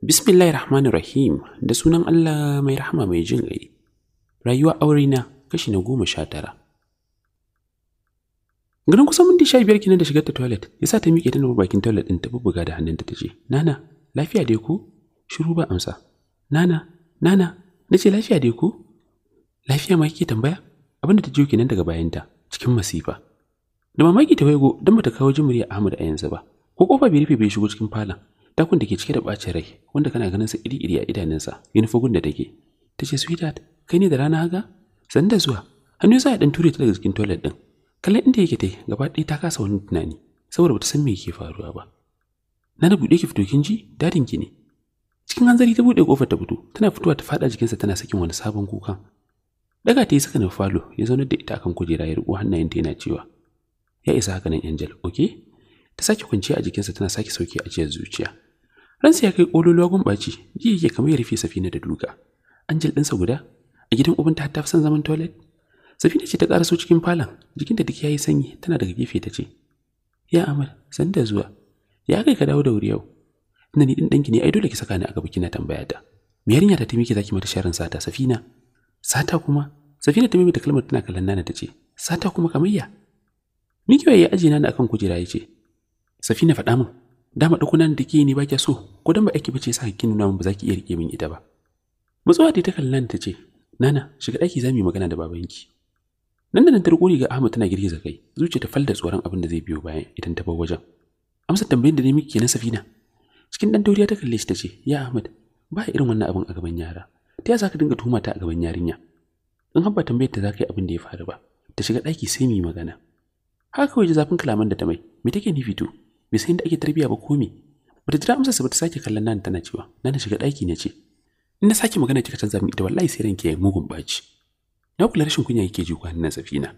Bismillahir Rahmanir Rahim da sunan Allah mai rahama mai jin ƙai. Rayuwa na kashi na goma sha tara. Ganin kusan mundi sha biyar kenan da shigar ta toilet, ya sa ta miƙe ta nufa bakin toilet ɗin ta bubbuga da hannunta ta ce, Nana, lafiya dai ku? Shiru ba amsa. Nana, Nana, na ce lafiya dai ku? Lafiya ma kike tambaya? Abin da ta jiyo kenan daga bayanta. cikin masifa da mamaki ta waigo don bata kawo jimiri a Ahmad a yanzu ba ko kofa bai rufe bai shigo cikin falon takun da ke cike da bacin rai wanda kana ganin sa iri-iri a idanunsa yunifogun da take ta ce sweetheart kai ne da rana haka Zan da zuwa hannu sa ya dan ture ta daga cikin toilet din kallon inda yake tai gaba ɗaya ta kasa wani tunani saboda bata san me yake faruwa ba na da buɗe ki fito kin ji dadin ki ne cikin hanzari ta buɗe kofar ta fito tana fitowa ta faɗa jikinsa tana sakin wani sabon kukan daga ta yi saka falo ya zaunar da ita akan kujera ya riƙo hannayenta yana cewa ya isa haka nan angel ok ta sake kwanciya a jikinsa tana sake sauke a jiyar zuciya ransa ya kai ƙololuwa gumbaci ji yake kamar ya rufe safina da duka angel ɗinsa guda a gidan ubanta ta fi son zaman toilet Safina ce ta karaso cikin falon, jikinta duk yayi sanyi, tana daga gefe ta ce, "Ya Amal, san da zuwa. Ya kai ka dawo da wuri yau." Ina ni din danki ne, ai dole ki saka ni a gaba kina tambaya ta. yarinya ta miki zaki mata sharin sata, Safina? sata kuma safina ta maimaita kalmar tana kallon nana ta ce sata kuma kamayya mikiwa ya aji nana akan kujera ya ce safina faɗa min dama ɗauko nan da ke ne baki so ko dan ba aiki bace sa hakkin nuna min ba za ki iya rike min ita ba Mutsuwa ta kallon nana ta ce nana shiga ɗaki za mu yi magana da babanki nan da nan ta ga ga Ahmad tana girgiza kai zuciya ta falda tsoron abin da zai biyo bayan idan ta bar wajen amsa tambayin da ne miki kenan Safina cikin dan dauriya ta kalle shi ce, ya Ahmad ba irin wannan abin a gaban yara ta ya za ka dinga tuhuma ta a gaban yarinya in habba tambayar ta za ka yi abin da ya faru ba ta shiga ɗaki sai mu yi magana haka kawai ji zafin kalaman da ta mai me take nufi to bai san inda ake tarbiya ba ko me ta jira amsa ba ta sake kallon nan tana cewa na shiga ɗaki na ce in na sake magana kika canza min ita wallahi sai ranke mugun baci na kula rashin kunya yake ji ku hannun safina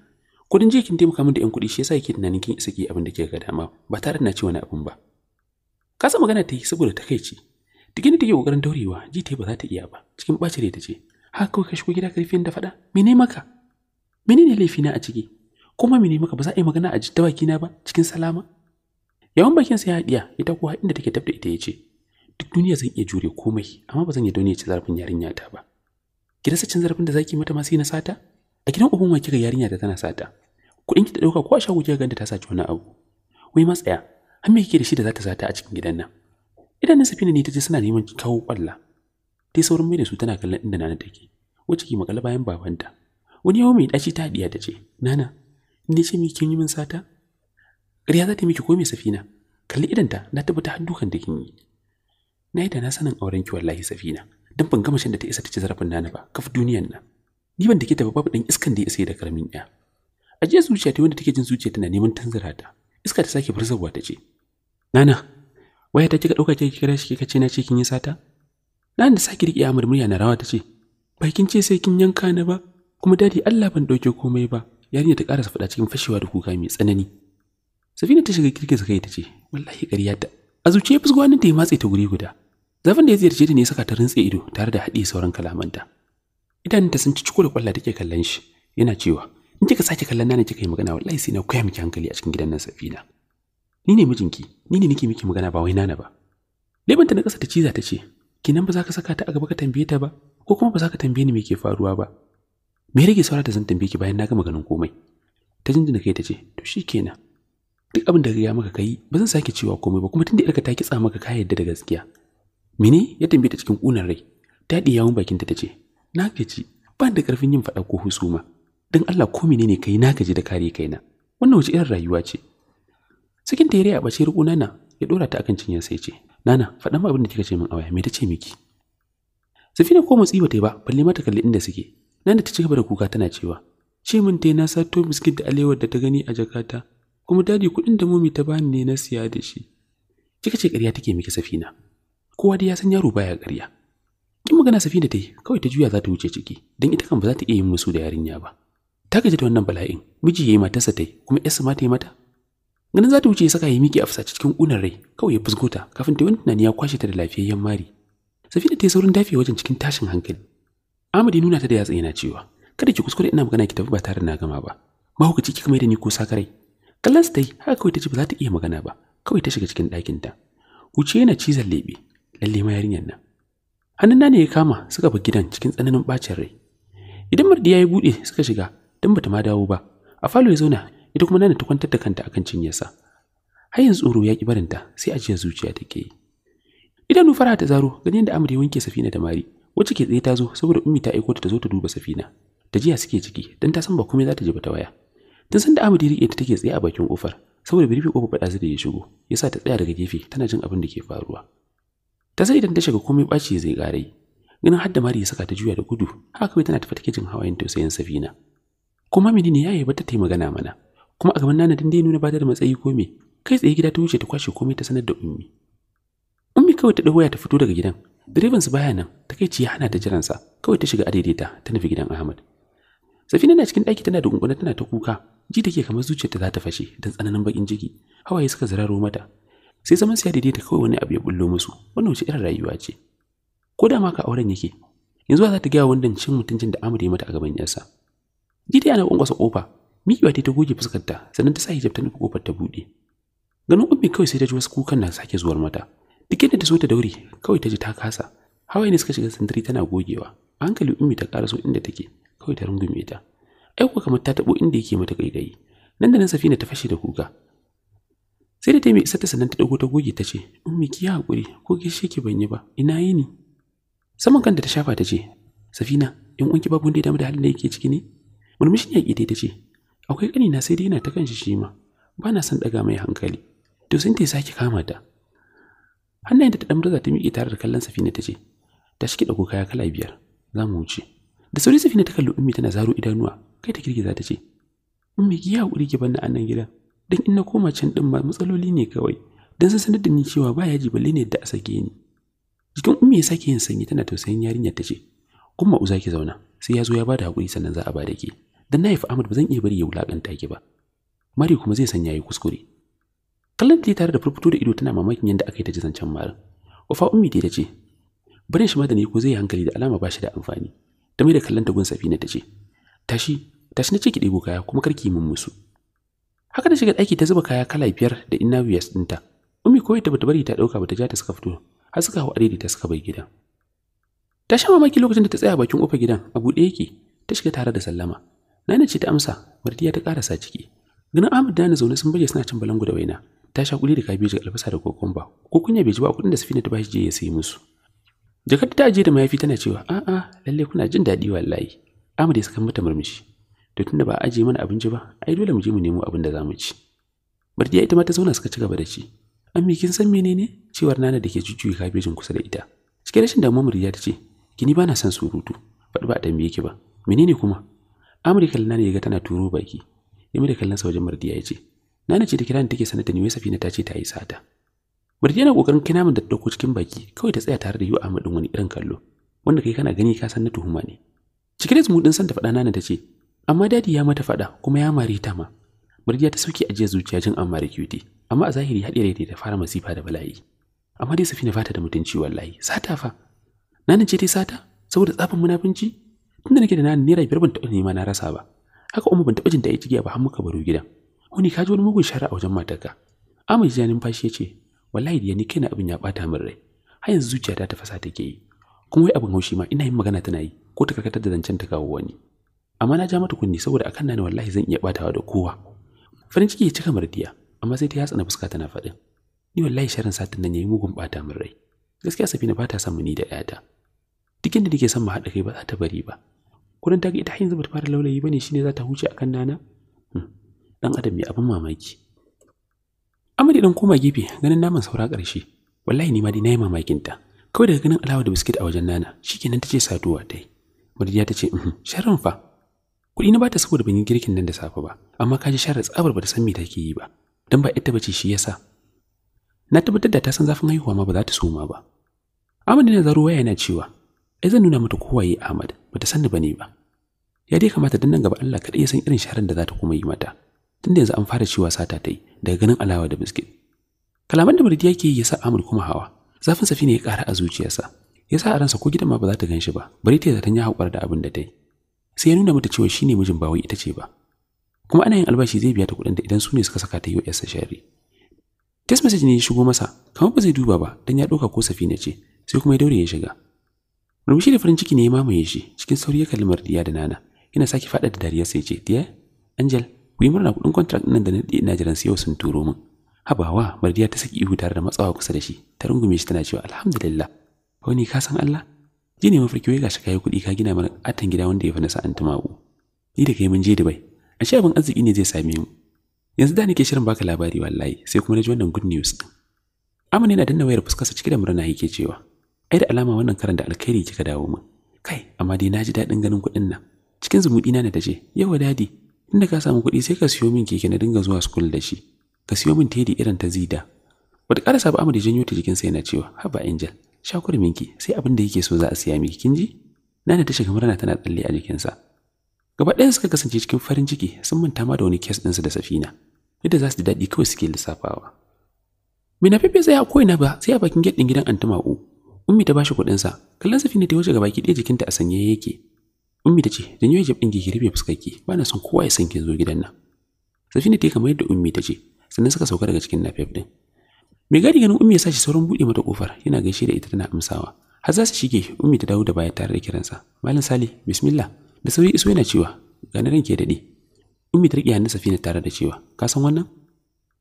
kudin jikin taimaka min da yan kuɗi shi yasa yake tunanin kin isa ki abin da ke ga dama ba tare da na ci wani abin ba kasa magana ta yi saboda takaici Tikin da take kokarin daurewa, ji ta ba za ta iya ba. Cikin ɓacin rai ta ce, "Ha kawai ka shigo gida karfin da faɗa? Mene maka? Mene ne laifina a ciki? Kuma mene maka ba za a yi magana a jitta bakina ba cikin salama?" Yawan bakin sa ya haɗiya, ita kuwa inda take tabda ita ya ce, "Duk duniya zan iya jure komai, amma ba zan iya duniya ci zarafin yarinya ta ba." Ki rasa cin zarafin da zaki mata ma yi na sata? A gidan uban wa ga yarinya da tana sata. Kuɗin ki ta ɗauka ko a shago kika ganta ta saci wani abu. Wai ma tsaya, har me kike da shi da za ta sata a cikin idan safina ne ta ce suna neman kawo kwalla ta saurin mai da su tana kallon inda nana take wacce ke makala bayan babanta wani yawo mai ɗaci ta haɗiya ta ce nana ne ce mai kin yi min sata ƙarya za ta miki ko mai safina kalli ta na tabbata har dukan da kin yi na yi da na sanin auren ki wallahi safina don ban gama shan da ta isa ta ci zarafin nana ba kaf duniyan na. ni ban ke ta ba babu dan iskan da ya isa da karamin ya ajiya zuciya ta wanda take jin zuciya tana neman tanzara ta iska ta sake farzarwa ta ce nana waya ta kika dauka kika kira shi kika ce na ce kin yi sata dan da saki riƙe amur murya na rawa tace Ba kin ce sai kin yanka ni ba kuma dadi Allah ban dauke komai ba yarinya ta karasa fada cikin fashewa da kuka mai tsanani Safina ta shiga kirkin sakai tace wallahi ƙarya ta a zuciya fusgwanin ta ya matse ta guri guda zafin da ya ziyarce ta ne saka ta rintse ido tare da haɗe sauran kalamanta ta sun ci ciko da kwalla take kallon shi yana cewa in kika sake kallon na ne kika yi magana wallahi sai na koya miki hankali a cikin gidan Safina ni ne mijinki ni ne nake miki magana ba wai nana ba lebanta na kasa ta ciza ta ce kinan ba za ka saka ta a gaba ka tambaye ta ba ko kuma ba za ka tambaye ni me ke faruwa ba me rage saura ta zan tambaye ki bayan na gama ganin komai ta jinjina kai ta ce to shi shikenan duk abin da ya maka kai ba zan sake cewa komai ba kuma tunda irka ta kitsa maka ka yadda da gaskiya mene ya tambaye ta cikin kunan rai ta ɗi yawun bakinta ta ce na kaji, ba da karfin yin faɗa ko husuma dan Allah ko menene kai na gaji da kare kaina wannan wace irin rayuwa ce cikin tere a bashir unana nana ya dora ta akan cinyar sai ce nana faɗa abin da kika ce min a waya me ta ce miki Safina ko motsi bata yi ba balle mata kalli inda suke nana ta ci gaba da kuka tana cewa ce min tai na sato biskit da alewar da ta gani a jakata kuma dadi kuɗin da mumi ta bani ne na siya da shi kika ce ƙarya take miki Safina kowa dai ya san yaro baya ƙarya kin magana Safina ta kawai ta juya za ta wuce ciki don ita kan ba za ta iya yin musu da yarinya ba ta gaji da wannan bala'in miji yayi matarsa tai kuma yarsa ma ta mata ganin za ta wuce saka ya miƙe a fusace cikin ƙunar rai kawai ya fusgo ta kafin ta wani tunani ya kwashe ta da lafiyayyen mari safina ta yi saurin dafe wajen cikin tashin hankali ahmad ya nuna ta da yatsa yana cewa kada ki kuskure ina magana ki tafi ba tare na gama ba mahaukaci kika mai da ni ko sakarai kallon su ta yi haka kawai ta ce ba za ta iya magana ba kawai ta shiga cikin ɗakinta wuce yana cizon leɓe lalle ma yarinyar nan hannun ne ya kama suka bi gidan cikin tsananin ɓacin rai idan mardi ya yi buɗe suka shiga don ta ma dawo ba a falo ya zauna ita kuma nan ta kwantar da kanta akan cinyarsa har yanzu tsoro ya ƙi barinta sai ajiyar zuciya take yi idanu fara ta zaro ganin da amri wanke safina da mari wacce ke tsaye ta zo saboda ummi ta aiko ta ta zo ta duba safina ta jiya suke ciki don ta san ba komai za ta ji ta waya tun san da amri rike ta take tsaye a bakin kofar saboda birbi kofar fada zai da ya shigo yasa ta tsaya daga gefe tana jin abin da ke faruwa ta sai idan ta shiga komai baci zai garai ganin hadda mari ya saka ta juya da gudu haka kawai tana tafi take jin hawayen tausayin safina kuma menene yayi ba ta magana mana kuma a gaban nana din dai nuna bata da matsayi ko me kai tsaye gida ta wuce ta kwashe komai ta sanar da ummi ummi kawai ta dawo ya ta fito daga gidan direban su baya nan ta kai ci hana ta jiransa kawai ta shiga adaidaita ta nufi gidan ahmad safina na cikin ɗaki tana da gunguna tana ta kuka ji take kamar ta za ta fashe don tsananin bakin ciki hawaye suka zararo mata sai zaman siya daidaita kawai wani abu ya bullo musu wannan wace irin rayuwa ce ko da ma ka auren yake yanzu za ta gaya wandan cin mutuncin da Amadu ya mata a gaban yarsa. Jide ana kwankwasa kofa, mikiwa ta goge fuskarta sannan ta sa hijab ta nufi kofar ta buɗe ganin ummi kawai sai ta ji wasu kukan na sake zuwar mata duk yadda ta so ta daure kawai ta ji ta kasa hawaye ne suka shiga santiri tana gogewa a hankali ummi ta karaso inda take kawai ta rungume ta aiko kamar ta tabo inda yake mata gaigayi nan da nan safina ta fashe da kuka sai da ta mai isar ta sannan ta dago ta goge ta ce ummi ki ya hakuri ko gaishe ki ban yi ba ina yi ni saman kanta ta shafa ta ce safina in unki babu wanda ya damu da halin da yake ciki ne murmushin yaƙi dai ta ce akwai ƙanina sai dai yana ta kanshi shi ma ba na son ɗaga mai hankali to sun ta sake kama ta hannayen da ta ɗan raza ta miƙe tare da kallon safina ta ce ta shi ɗauko kaya kala biyar za mu wuce da sauri safina ta kalli ummi tana zaro idanuwa kai ta girgiza ta ce ummi ki ya ki bar ni a nan gidan dan in na koma can din ma matsaloli ne kawai Don sun sanar da ni cewa ba yaji balle ne da a sake ni jikin ummi ya sake yin sanyi tana tausayin yarinyar ta ce kuma uza ki zauna sai ya zo ya bada hakuri sannan za a bada ki dan na haifi Ahmad ba zan iya bari ya wulakanta ki ba Mari kuma zai sanya yi kuskure kallon ta tare da furfuto da ido tana mamakin yadda aka yi ta ji zancen marin ufa ummi ta ce barin shi madani ni ko zai hankali da alama ba shi da amfani ta mai da kallon ta gun safina ta ce tashi tashi na ce ki ɗebo kaya kuma karki mun musu haka da shiga ɗaki ta zuba kaya kala biyar da inna wiyas ɗinta ummi koyi ta bata bari ta ɗauka bata ja ta suka fito har suka hau adadi ta suka bai gidan ta sha mamaki lokacin da ta tsaya bakin ƙofar gidan a buɗe yake ta shiga tare da sallama Nana ce ta amsa, Mardiya ta karasa ciki. Ganin Ahmad da Nana zaune sun baje suna cin balangu da waina. Ta sha kuli da kabeji albasa da kokumba. Ko kunya bai ji ba kuɗin da Safina ta bashi je ya sayi musu. Jakar ta je da mayafi tana cewa, "A'a, lalle kuna jin daɗi wallahi." Ahmad ya saka mata murmushi. To tunda ba a aje mana abinci ba, ai dole mu je mu nemo abin da za mu ci. Mardiya ita ma ta zauna suka ci gaba da ci. Ammi kin san menene? Cewar Nana da ke jujjuyi kabejin kusa da ita. Cikin rashin damuwa Mardiya ta ce, "Kini ba na son surutu." Faɗi ba a tambaye ki ba. Menene kuma? Amri kallon ne ga tana turo baki. Ya mai kallon sa wajen Mardiya ya ce, "Nana ce ta kira ni take sanar da ni wai Safina ta ce ta yi sata." Mardiya na kokarin kina min da dauko cikin baki, kawai ta tsaya tare da yi Ahmad din wani irin kallo, wanda kai kana gani ka san na tuhuma ne. cikin da mudin san ta faɗa nana ta ce, "Amma dadi ya mata faɗa kuma ya mare ta ma." Mardiya ta sauke ajiye zuciya jin amma da cutie, amma a zahiri haɗe da ta fara masifa da bala'i. Amma dai Safina fata da mutunci wallahi, sata fa. Nana ce ta sata saboda tsafin munafunci? tunda nake da na naira biyar ban taɓa nema na rasa ba haka umma ban taɓa jin da ya cigiya ba har muka baro gida wani ka ji wani mugun shara a wajen matarka amai ya numfashi ya ce wallahi da ni kaina abin ya bata min rai har yanzu zuciyata ta fasa take yi kuma wai abin haushi ma ina yin magana tana yi ko ta karkatar da zancen ta kawo wani amma na ja mata kunni saboda akan na ne wallahi zan iya batawa da kowa farin ciki ya cika mardiya amma sai ta yatsa na fuska tana faɗin ni wallahi sharin satin nan yayi mugun bata min rai gaskiya safina ba ta son mu ni da 'yata duk inda nake son mu haɗa kai ba za ta bari ba kudin ta ga ita hanyar zuba ta fara laulayi ba ne shine za ta huce a akan nana hmm. dan adam mai abin mamaki amadi dan koma gefe ganin naman saura ƙarshe wallahi ni ma dai nayi mamakin ta kawai daga ganin alawa da biskit a wajen nana shikenan tace saduwa tai murjiya tace hmm, sharrin fa kuɗi na bata saboda ban yi girkin nan da safe ba amma ka ji shara tsabar bata san me take yi ba dan ba ita bace shi yasa na tabbatar da ta san zafin haihuwa ma ba za ta soma ba Amadu na zaro waya yana cewa ai zan nuna mata kowaye Ahmad bata sani bane ba ya dai kamata dan nan gaba Allah kadai ya san irin sharan da za ta kuma yi mata tunda yanzu an fara cewa sata ta yi daga ganin alawa da biskit kalaman da Murdi yake yi ya sa Ahmad kuma hawa zafin safi ne ya kara a zuciyarsa ya sa a ransa ko gidan ma ba za ta gan ba bari ta zaton ya haƙura da abin da ta yi sai ya nuna mata cewa shine mijin ba ita ce ba kuma ana yin albashi zai biya ta kuɗin da idan su ne suka saka ta yi wa yarsa sharri message ne ya shigo masa kamar ba zai duba ba dan ya ɗauka ko safina ce sai kuma ya daure ya shiga rubushi da farin ciki ne ya mamaye shi, cikin sauri ya kalli Mardiya da Nana. Yana sake faɗa da dariya sai ce, "Diya, Angel, ku yi murna kuɗin contract nan da na ina jiran sai sun turo min." Habawa, Mardiya ta saki ihu tare da matsawa kusa da shi, ta rungume shi tana cewa, "Alhamdulillah." Wani ka san Allah? Ji ne mafarki wai gashi kai kuɗi ka gina mana atan gida wanda ya fi na sa'an u Ni da kai mun je Dubai. Ashe abin arziki ne zai same mu. Yanzu da nake shirin baka labari wallahi, sai kuma na ji wannan good news din. Amina yana danna wayar fuskarsa cike da murna yake cewa, ai da alama wannan karan da alkhairi kika dawo min kai amma dai naji daɗin ganin kuɗin nan cikin zumuɗi na ta ce yawa dadi inda ka samu kuɗi sai ka siyo min keke na dinga zuwa school da shi ka siyo min tedi irin ta zida bata ƙarasa ba amma da janyo ta jikin sai na cewa haba angel shakur minki sai abin da yake so za a siya miki kin ji nana ta shiga murna tana tsalle a jikinsa gaba ɗayan suka kasance cikin farin ciki sun manta ma da wani kes ɗinsu da safina yadda za su ji daɗi kawai suke lissafawa Me na fefe tsaya ko ina ba sai a bakin gate din gidan Antuma'u ummi ta bashi kuɗin sa kallon safina ta wuce gabaki ɗaya jikinta a sanye yake ummi ta ce janyo hijab ɗin ki rufe fuskarki ba na son kowa ya san kin zo gidan nan safina ta kamar yadda ummi ta ce sannan suka sauka daga cikin nafef din. mai gadi ganin ummi ya sashi sauran buɗe mata kofar yana gaishe da ita tana amsawa har za su shige ummi ta dawo da baya tare da kiransa malam sali bismillah da sauri iso yana cewa ganin ranke dade ummi ta rike hannun safina tare da cewa ka san wannan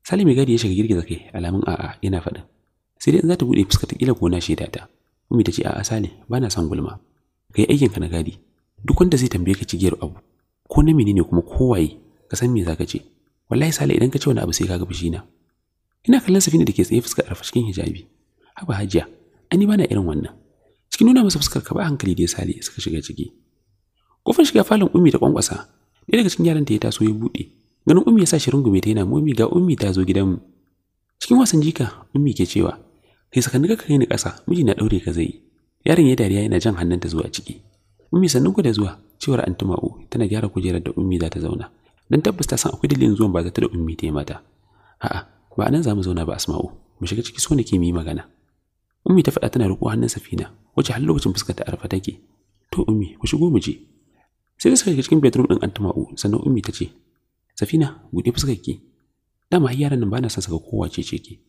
sali mai gadi ya shiga girgiza kai alamun a'a yana faɗin sai dai in za ta buɗe fuska ta kila gona shaida ta Umi ta ce a'a Sale ba na son gulma. Kai aikin ka na gadi. Duk wanda zai tambaye ka cigiyar abu ko na menene kuma ko waye? ka san me zaka ce. Wallahi Sale idan ka ce wani abu sai ga fushi na. Ina kallon Safina da ke tsaye fuskar arfa cikin hijabi. Haba Hajiya, ani ba na irin wannan. Cikin nuna masa fuskar ka ba hankali da Sale suka shiga ciki. Kofar shiga falon Ummi ta kwankwasa. Ni daga cikin yaran ta ya taso ya bude. Ganin Ummi ya sa shi rungume ta yana momi ga Ummi ta zo gidanmu. Cikin wasan jika, Ummi ke cewa, kai sakanni ka kai ni ƙasa miji na ɗaure ka zai yaron ya dariya yana jan hannunta zuwa ciki ummi sannu ku da zuwa cewar antuma'u tana gyara kujerar da ummi za ta zauna dan tabbas ta san akwai dalilin zuwan ba za ta da ummi ta yi mata a'a ba anan za mu zauna ba asma'u mu shiga ciki so nake ke mi magana ummi ta faɗa tana riko hannun safina wace har lokacin fuskar ta arfa take to ummi ku shigo mu je sai suka shiga cikin bedroom din antuma'u sannan ummi ta ce safina buɗe fuskar ki dama yaran nan ba na san saka kowace ce ki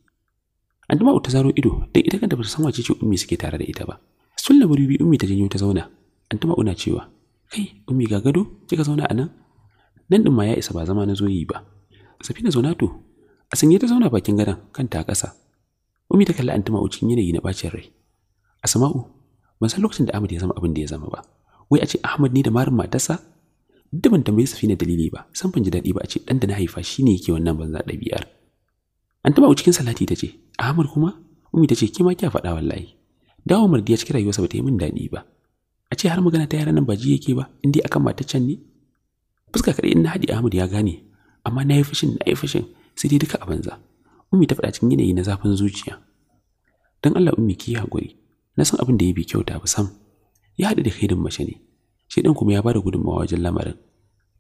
Addu'a'u ta zaro ido dan ita kanta ta san wace ce ummi suke tare da ita ba. Sun labari biyu ummi ta janyo ta zauna. Antuma'u na cewa, "Kai, ummi ga gado, kika zauna a nan?" Nan din ma ya isa ba zama na zoyi ba. Safina zauna to, a sanye ta zauna bakin gadon kanta a kasa. Ummi ta kalli Antuma'u cikin yanayi na bacin rai. Asma'u, ban san lokacin da Ahmad ya zama abin da ya zama ba. Wai a ce Ahmad ne da marin matarsa? Duk da ban tambayi Safina dalili ba, san ban ji daɗi ba a ce ɗan da na haifa shine yake wannan banza ɗabi'ar. Antuma'u cikin salati ta ce, Ahmad kuma? Ummi ta ce, ke ma kya faɗa wallahi. Dawo mardi ya cika rayuwarsa ba ta yi min daɗi ba. A ce har magana ta yaran nan ba ji yake ba, in dai akan can ne? Fuska kaɗai in na haɗi Ahmad ya gane, amma na yi fushin na yi fushin sai dai duka a banza. Ummi ta faɗa cikin yanayi na zafin zuciya. Dan Allah Ummi ki hakuri. Na san abin da ya bi kyauta ba sam. Ya haɗu da kaidin mace ne. Shi ɗan kuma ya ba da gudunmawa wajen lamarin.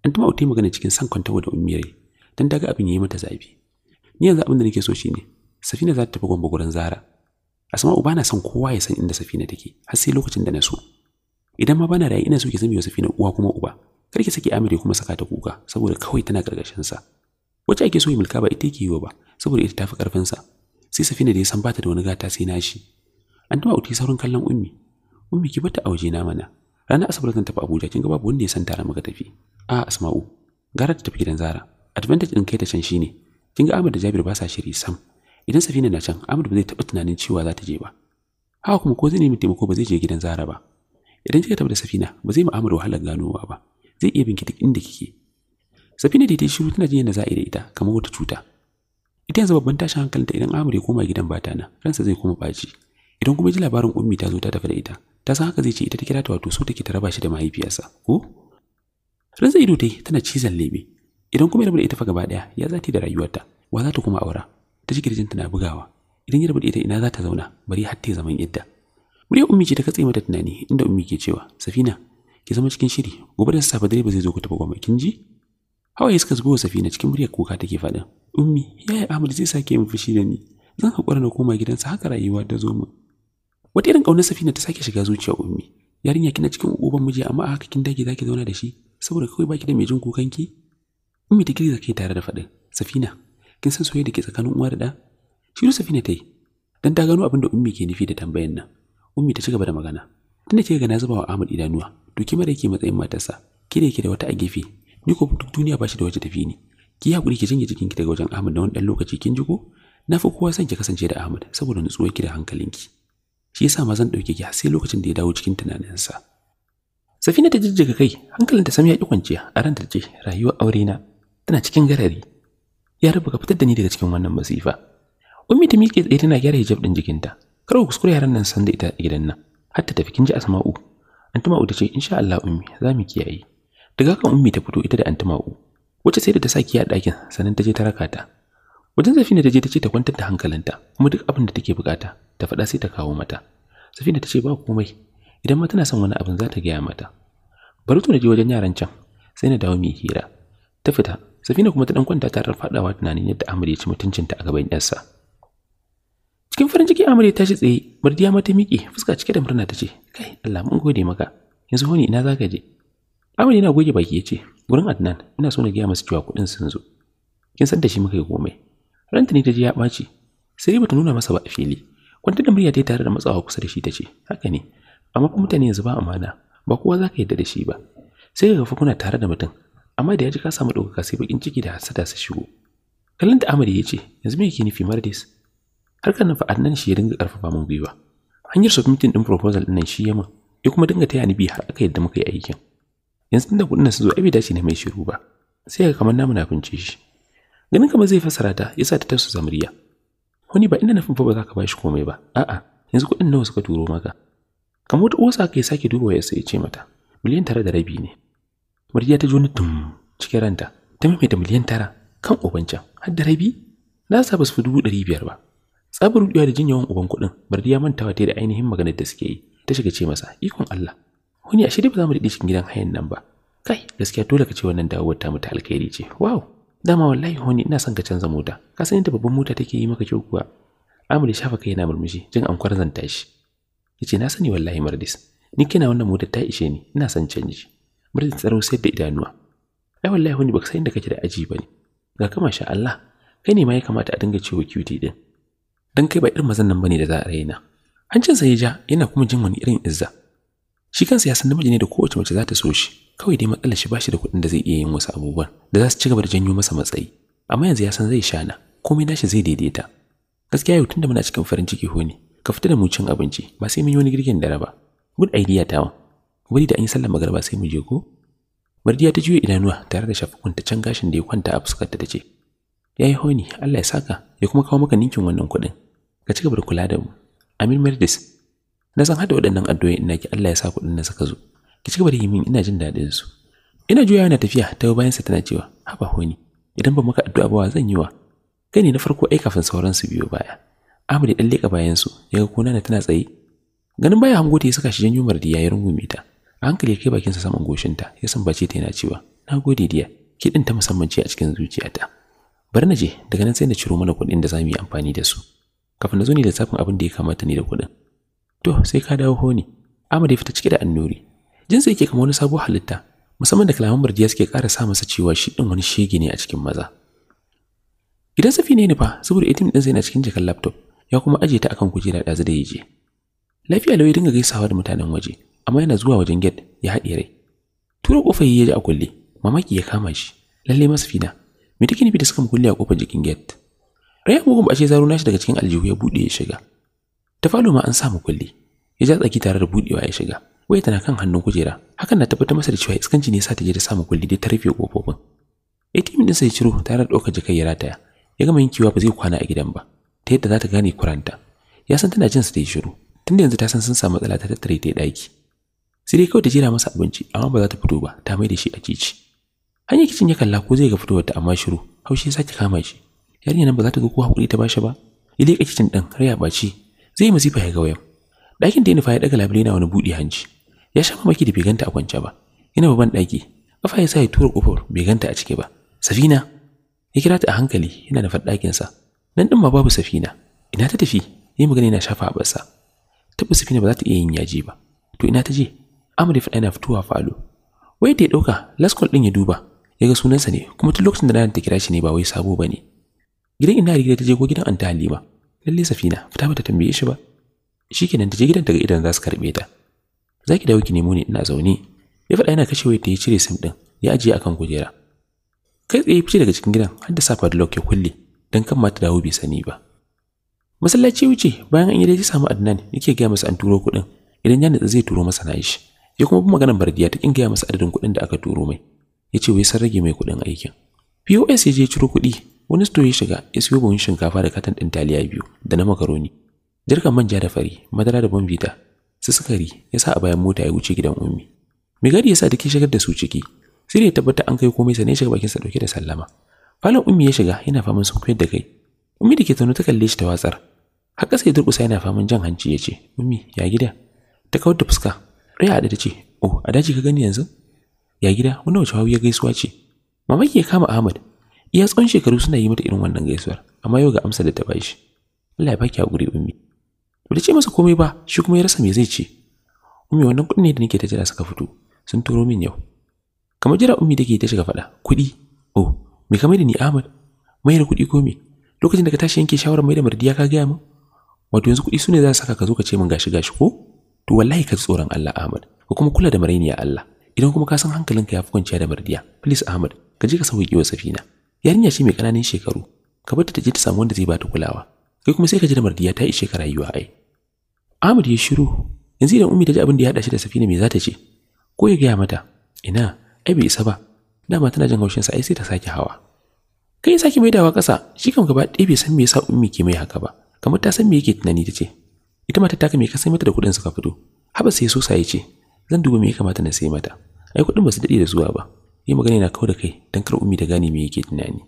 An tuma ta magana cikin san kwantawa da Ummi rai. Dan daga abin ya yi mata zafi. Ni yanzu abin da nake so shine Safina za ta tafi Gombe gurin Zara. Asma'u na son kowa ya san inda Safina take, har sai lokacin da na so. Idan ma bana raye ina so ki zama yau Safina uwa kuma uba. Kar ki saki Amir kuma saka ta kuka saboda kawai tana gargashin sa. Wace ake so yi mulka ba ita yake yiwa ba, saboda ita tafi karfin sa. Sai Safina da ya san bata da wani gata sai nashi. An taba uti saurin kallon Ummi. Ummi ki bata auje na mana. rana Asabar zan tafi Abuja kin ga babu wanda ya san tare muka tafi. A Asma'u, gara ta tafi gidan Zara. Advantage din kai ta can shine. Kin ga Amir da Jabir ba sa shiri sam. idan safina na can amadu ba zai taɓa tunanin cewa za ta je ba haka kuma ko zai nemi taimako ba zai je gidan zara ba idan kika tafi da safina ba zai mu'amala wahalar ganowa ba zai iya binki duk inda kike safina da ta yi shiru tana jin yadda za a yi da ita kamar wata cuta ita yanzu babban tashin hankalinta idan amur ya koma gidan bata na ransa zai koma ɓaci. idan kuma ji labarin ummi ta zo ta tafi da ita ta san haka zai ce ita ta kira ta wato so take ta raba shi da mahaifiyarsa ko ransa ido ta yi tana cizon lebe idan kuma ya rabu da ita fa gaba ɗaya ya zati da rayuwarta wa za ta kuma aura ta ji kirjinta na bugawa idan yarbu ta ita ina za ta zauna bari har ta zaman yadda. muryar ummi ce ta katse mata tunani inda ummi ke cewa safina ki zama cikin shiri gobe da dare direba zai zo ku tafi goma kin ji hawaye suka zubo safina cikin muryar kuka take faɗin ummi yaya ahmad zai sake min fushi da ni zan hakura na koma gidansa haka rayuwa ta zo min wata irin kaunar safina ta sake shiga zuciyar ummi yarinya kina cikin uban miji amma a haka kin dage zaki zauna da shi saboda kawai baki da mai jin ki ummi ta girgiza kai tare da faɗin safina kin san soyayya da ke tsakanin uwa da ɗa shiru safina ta yi Don ta gano abin da ummi ke nufi da tambayan nan ummi ta ci gaba da magana tunda kika gana zuba wa Ahmad idanuwa to ki mara yake matsayin matarsa ki da yake da wata a gefe ni ko duk duniya ba shi da wace tafi ni ki hakuri ki jinge jikinki daga wajen Ahmad na wani ɗan lokaci kin ji ko na fi kowa son ki kasance da Ahmad saboda nutsuwar ki da hankalinki shi yasa ma zan ɗauke ki har sai lokacin da ya dawo cikin tunaninsa Safina ta jijjiga kai hankalinta sam ya ƙi kwanciya a ranta ce rayuwar aure na tana cikin garari ya rabu fitar da ni daga cikin wannan masifa ummi ta miƙe tsaye tana gyara hijab din jikinta kar ku kuskure yaran nan san da ita a gidan nan har ta tafi kin ji asma'u antuma'u ta ce insha Allah ummi za mu kiyaye daga kan ummi ta fito ita da antuma'u wacce sai da ta saki a dakin. sannan ta je ta raka ta wajen safina ta je ta ce ta kwantar da hankalinta kuma duk abin da take bukata ta faɗa sai ta kawo mata safina ta ce ba komai idan ma tana son wani abin za ta gaya mata bari to na je wajen yaran can sai na dawo mai hira ta fita Safina kuma ta dan kwanta tare fadawa tunanin yadda Ahmad ya ci mutuncinta a gaban yarsa. Cikin farin ciki Ahmad ya tashi tsaye, Murdiya ma ta miƙe, fuska cike da murna ta ce "Kai, Allah mun gode maka. Yanzu honi ina zaka je?" Ahmad yana goge baki ya ce "Gurin Adnan, ina so na gaya masa cewa kuɗin sun zo." Kin san da shi muka yi komai. Ranta ne ta ji ya ɓaci. Sai bata nuna masa ba a fili. Kwantar da murya ta yi tare da matsawa kusa da shi ta ce "Haka ne, amma kuma mutane yanzu ba amana, ba kowa zaka yarda da shi ba." Sai ka ga kuna tare da mutum, amma da ya ji ka samu ɗaukaka sai bakin ciki da hasada su shigo kallon da ya ce yanzu me yake nufi mardis harkar nan fa'ad nan shi ya dinga karfafa min gwiwa hanyar submitting din proposal din nan shi ya min ya kuma dinga taya ni bi har aka yadda muka yi aikin yanzu tunda kuɗin sun zo abi bai dace ne mai shiru ba sai ga kamar namu na kunce shi ganin kamar zai fassara ta yasa ta tausa zamuriya wani ba inda na fa ba za ka bashi komai ba a'a yanzu kuɗin nawa suka turo maka kamar wata uwarsa aka yi sake dubawa ya sai ce mata miliyan tara da rabi ne Mardiya ta joni tun. tum cikin ranta, ta maimaita miliyan tara kan uban can, har da rabi? Na sa ba su fi dubu ɗari biyar ba. Tsabar ruɗewa da jinyawan uban kuɗin, Mardiya mantawa ta da ainihin maganar da suke yi, ta shiga ce masa, ikon Allah. Huni a shirya ba za mu daɗe cikin gidan hayan nan ba. Kai, gaskiya dole ka ce wannan dawowar ta mutu alkhairi ce. Wow! Dama wallahi huni ina son ka canza mota. Ka san yadda babban mota take yi maka kyau kuwa. Amir shafa kai yana murmushi, jin an kwarzanta shi. Yace na sani wallahi Mardis. Ni kina wannan mota ta ishe ni, ina son canji. murza tsaro sai da idanuwa ai wallahi wani baka san da kake da aji bane ga kama sha Allah kai ne ma ya kamata a dinga cewa cute din dan kai ba irin mazan nan bane da za a raina hancin sa ya ja yana kuma jin wani irin izza shi kansa ya san namiji ne da kowace mace za ta so shi kawai dai matsalar shi bashi da kuɗin da zai iya yin wasu abubuwan da za su ci gaba da janyo masa matsayi amma yanzu ya san zai shana komai nashi zai daidaita gaskiya yau tunda muna cikin farin ciki ne ka fita da mu cin abinci ba sai mun yi wani girgin dare ba good idea tawon ku bari da an yi sallar magariba sai mu je ko Bardiya ta juya idanuwa tare da shafukuntaccen gashin da ya kwanta a fuskar ta ce, Ya yi honi, Allah ya saka, ya kuma kawo maka ninkin wannan kuɗin. Ka ci gaba da kula da mu. Amin mardis. na san hada waɗannan addu'o'i ina ki Allah ya sa kuɗin na saka zo. Ki ci gaba da yi min ina jin daɗin su. Ina juya yana tafiya ta bayan sa tana cewa, Haba honi, idan ba maka addu'a ba zan yi wa. Kai ne na farko ai kafin sauran su biyo baya. amir ya ɗan leka bayan su, ya ga na tana tsaye. Ganin baya hango ta ya saka shi janyo mardiya ya rungume ta. hankali kai bakinsa saman goshinta ya sambace ta yana cewa na gode diya ki din ta musamman a cikin zuciyata bari na je daga nan sai na ciro mana kuɗin da za mu yi amfani da su kafin na zo ne lissafin abin da ya kamata ni da kuɗin to sai ka dawo honi Ahmad ya fita cike da annuri sai yake kamar wani sabo halitta musamman da kalaman murjiya suke ƙara sa masa cewa shi din wani shege ne a cikin maza gidan safi ne fa saboda itim din sai na cikin jakan laptop ya kuma aje ta akan kujera da zai je lafiya lau dinga gaisawa da mutanen waje amma yana zuwa wajen gate ya haɗe rai tura kofa ya ji a kulle mamaki ya kama shi lalle masfina me take nufi da suka kulle a kofar jikin gate ya mugun bace zaro nashi daga cikin aljihu ya bude ya shiga ta falo ma an samu kulle ya ja tsaki tare da budewa ya shiga waya tana kan hannun kujera hakan na tabbatar masa da cewa iskanci ne sa ta je da samu kulle dai ta rufe kofofin ATM din sai ciro tare da ɗaukar jikai ya rataya ya gama yin kiwa ba zai kwana a gidan ba ta yadda za ta gane kuranta ya san tana jin sa da shiru tunda yanzu ta san sun samu matsala ta tattare ta daki sai dai kawai ta jira masa abinci amma ba za ta fito ba ta mai da shi a cici hanyar kicin ya kalla ko zai ga fitowar ta amma shiru haushi ya sake kama shi yarinya nan ba za ta zo ko hakuri ta bashi ba ya leƙa kicin ɗin har ya ɓaci zai yi masifa ya ga wayan ɗakin da ya nufa ya ɗaga labule na wani buɗe hanci ya sha mamaki da bai ganta a kwance ba yana babban ɗaki ƙafa ya sa ya tura ƙofar bai ganta a cike ba safina ya kira ta a hankali yana nufar ɗakinsa nan ɗin ma babu safina ina ta tafi ya yi magana yana shafa a tabbas safina ba za ta iya yin yaji ba to ina ta je Amrif ɗan na a falo. Wai da ya ɗauka, laskol ɗin ya duba, ya ga sunansa ne, kuma tun lokacin da na ta kira shi ne ba wai sabo ba ne. Gidan ina riga ta je ko gidan Anta Halima, lalle Safina, fita bata tambaye shi ba. Shikenan ta je gidan daga idan za su karɓe ta. Za ki dawo ki nemo ni ina zaune. Ya faɗa yana kashe wayar ta ya cire sim ɗin, ya ajiye akan kujera. Kai tsaye fice daga cikin gidan har da sa padlock ya kulle, don kan mata dawo bai sani ba. Masallaci wuce bayan an yi daji samu Adnan yake gaya masa an turo kuɗin idan ya zai turo masa ya kuma bi maganar bardiya ta kinga gaya masa adadin kuɗin da aka turo mai ya ce wai san rage mai kuɗin aikin pos ya je ciro kuɗi wani store ya shiga ya siyo buhun shinkafa da katan ɗin taliya biyu da na makaroni jarkan manja da fari madara da bombita su sukari ya sa a bayan mota ya wuce gidan ummi mai gari ya sa take shigar da su ciki sai ya tabbata an kai komai sane shiga bakin sa dauke da sallama falon ummi ya shiga yana faman sunkuyar da kai ummi da ke tauna ta kalle shi ta watsar har kasa ya durkusa yana faman jan hanci ya ce ummi ya gida ta kawar da fuska Raya da ce, "Oh, a daji ka gani yanzu?" Ya gida, wannan wace hawiya gaisuwa ce. Mamaki ya kama Ahmad. Iya tsawon shekaru suna yi mata irin wannan gaisuwar, amma yau ga amsa da ta bashi. Allah ya baki hakuri Ummi. Bata ce masa komai ba, shi kuma ya rasa me zai ce. Ummi wannan kuɗin ne da nake ta jira suka fito, sun turo min yau. Kamar jira Ummi take ta shiga faɗa, kuɗi. Oh, me ka da ni Ahmad? Mai da kuɗi ko me? Lokacin da ka tashi yanke shawarar mai da mardiya ka gaya min? Wato yanzu kuɗi su ne za su saka ka zo ka ce min gashi gashi ko? to wallahi ka tsoron Allah Ahmad ka kuma kula da marainiya Allah idan kuma ka san hankalinka ya fi kwanciya da mardiya please Ahmad ka je ka sauke wa safina yarinya ce mai kananan shekaru ka bar ta je ta samu wanda zai ba ta kulawa kai kuma sai ka ji da mardiya ta ishe ka rayuwa ai Ahmad ya shiru yanzu idan Ummi ta ji abin da ya hada shi da safina me za ta ce ko ya gaya mata ina ai bai isa ba dama tana jin haushin sa ai sai ta sake hawa kai sake maidawa ƙasa shi kam gaba ɗaya bai san me yasa Ummi ke mai haka ba kamar ta san me yake tunani ta ce ita matar taka me ka sai mata da kudin suka fito haba sai so sai ce zan duba me ya kamata na sai mata ai kudin ba su dade da zuwa ba yi magana na kawo da kai dan kar ummi da gane me yake tunani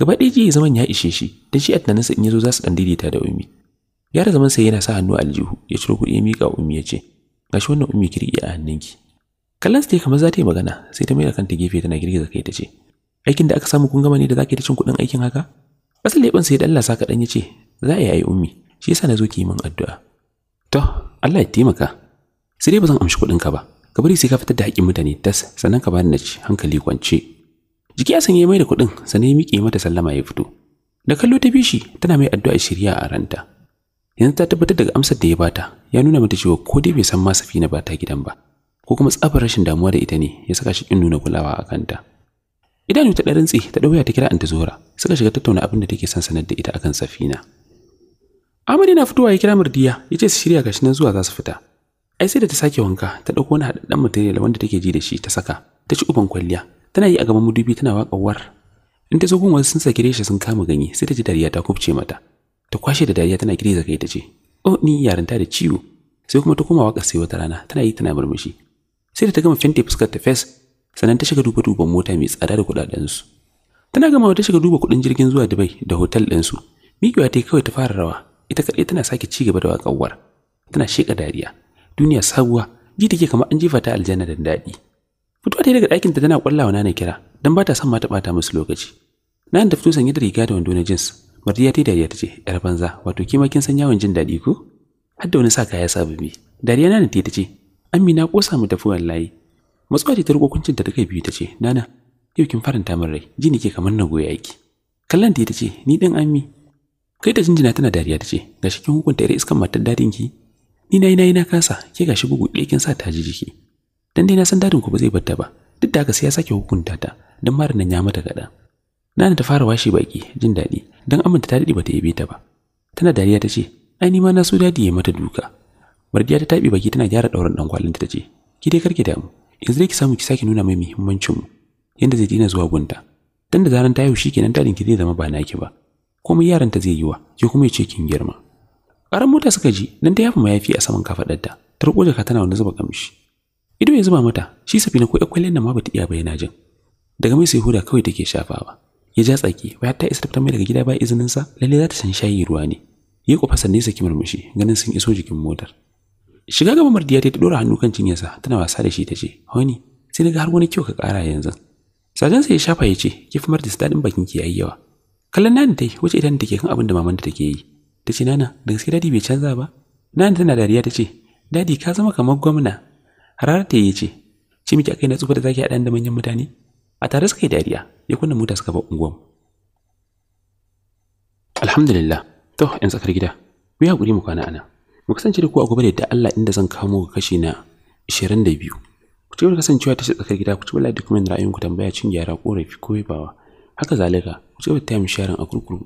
gaba ɗaya ji zaman ya ishe shi dan shi a tunaninsa in ya zo za su dan daidaita da ummi yara zaman sai yana sa hannu aljihu ya ciro kuɗi ya mika ummi ya ce gashi wannan ummi kirki a hannunki kallon ta kamar za ta yi magana sai ta mai da kanta gefe tana girgiza kai ta ce aikin da aka samu kun gama ne da zaki ta cin kuɗin aikin haka asali leɓin sai dan Allah sa dan ya ce za a yi ummi shi yasa na zo ki yi min addu'a to Allah ya taimaka sai dai ba zan amshi kuɗinka ba ka bari sai ka fitar da haƙƙin mutane tas sannan ka bani na ci hankali kwance jiki ya sanye mai da kuɗin sannan ya miƙe mata sallama ya fito da kallo ta bishi tana mai addu'a shirya a ranta yanzu ta tabbatar daga amsar da ya bata ya nuna mata cewa ko dai bai san ma safina ba ta gidan ba ko kuma tsabar rashin damuwa da ita ne ya saka shi kin nuna kulawa a kanta idanu ta ɗarin tsi ta ɗauya ta kira anta zora suka shiga tattauna abin da take son sanar da ita akan safina Ahmad yana fitowa ya kira Murdiya ya ce su shirya gashi nan zuwa za su fita. Ai sai da ta sake wanka ta ɗauko wani haɗaɗɗen material wanda take ji da shi ta saka ta ci uban kwalliya tana yi a gaban madubi tana waƙa war. In ta zogon wasu sun saki reshe sun kama ganye sai ta ji dariya ta kubce mata. Ta kwashe da dariya tana giriza kai ta ce oh ni yarinta da ciwo sai kuma ta koma waƙa sai wata rana tana yi tana murmushi. Sai da ta gama fente fuskar ta fes sannan ta shiga duba duban mota mai tsada da kuɗaɗensu. Tana gama ta shiga duba kuɗin jirgin zuwa Dubai da hotel ɗinsu. Mikiwa ta kawai ta fara rawa ita kaɗai tana sake ci gaba da waƙawar tana sheƙa dariya duniya sabuwa ji take kamar an jifa ta aljanna da daɗi fitowa ta daga ɗakinta tana ƙwallawa na kira don ba ta son ma ta ɓata musu lokaci na da fito sanye da riga da wando na jeans mardiya ta dariya ta ce yar banza wato ma kin san yawon jin daɗi ko har da wani sa kaya sababbi dariya na ta ce amina ƙosa mu tafi wallahi matsuwa ta riko kuncinta ta kai biyu ta ce nana yau kin faranta min rai ji ke kamar na goya aiki kallon ta ce ni ɗin ami kai da jinjina tana dariya ta ce ga shi kin hukunta iri iskan matar dadin ki ni nayi nayi na kasa ke ga shi bugu dikin sa ta ji jiki dan dai na san dadin ku ba zai batta ba duk da haka sai ya sake hukunta ta dan mara nan ya mata gada nana ta fara washe baki jin daɗi dan aminta ta dadi bata yabe ta ba tana dariya ta ce ai ni ma na so dadi ya mata duka mardiya ta tabi baki tana gyara ɗaurin ɗan kwalinta ta ce ki dai karki damu yanzu dai ki samu ki sake nuna mai muhimmancin mu yanda zai dina zuwa gunta dan da zaran ta shi kenan dadin ki zai zama ba naki ba komai yaranta zai yi wa ke kuma ya ce kin girma Karan mota suka ji nan ta yafa mayafi a saman kafaɗarta ta riko jaka tana wani zuba kamshi ido ya zuba mata shi na ko ƴakwalen nan ma bata iya bayyana jin daga mai sai huda kawai take shafawa ya ja tsaki bayan ta isa ta mai daga gida ba izinin sa lalle za ta san shayi ruwa ne ya kufa sanne saki murmushi ganin sun iso jikin motar shiga gaba mardiya ta dora hannu kan sa, tana wasa da shi ta ce honi sai daga har wani kyau ka kara yanzu sajan sai ya shafa ya ce kifi mardis daɗin bakin ki yayi yawa kallon nan yi wace idan take kan abin da mamanta take yi ta ce nana da gaske dadi bai canza ba nana tana dariya ta ce dadi ka zama kamar gwamna harara ta yi ce ce miki akai na tsufa da zaki haɗa da manyan mutane a tare suka yi dariya ya kunna mota suka ba unguwan alhamdulillah to in tsakar gida ku yi hakuri mu kwana ana mu kasance da ku a gobe da yadda Allah inda zan kawo kamo kashi na 22 ku ci gaba kasancewa ta tsakar gida ku ci bala dokumen ra'ayinku tambaya cin gyara korafi ko bawa Haka zalika, ku cigaba da taya mu sharing a kurkuru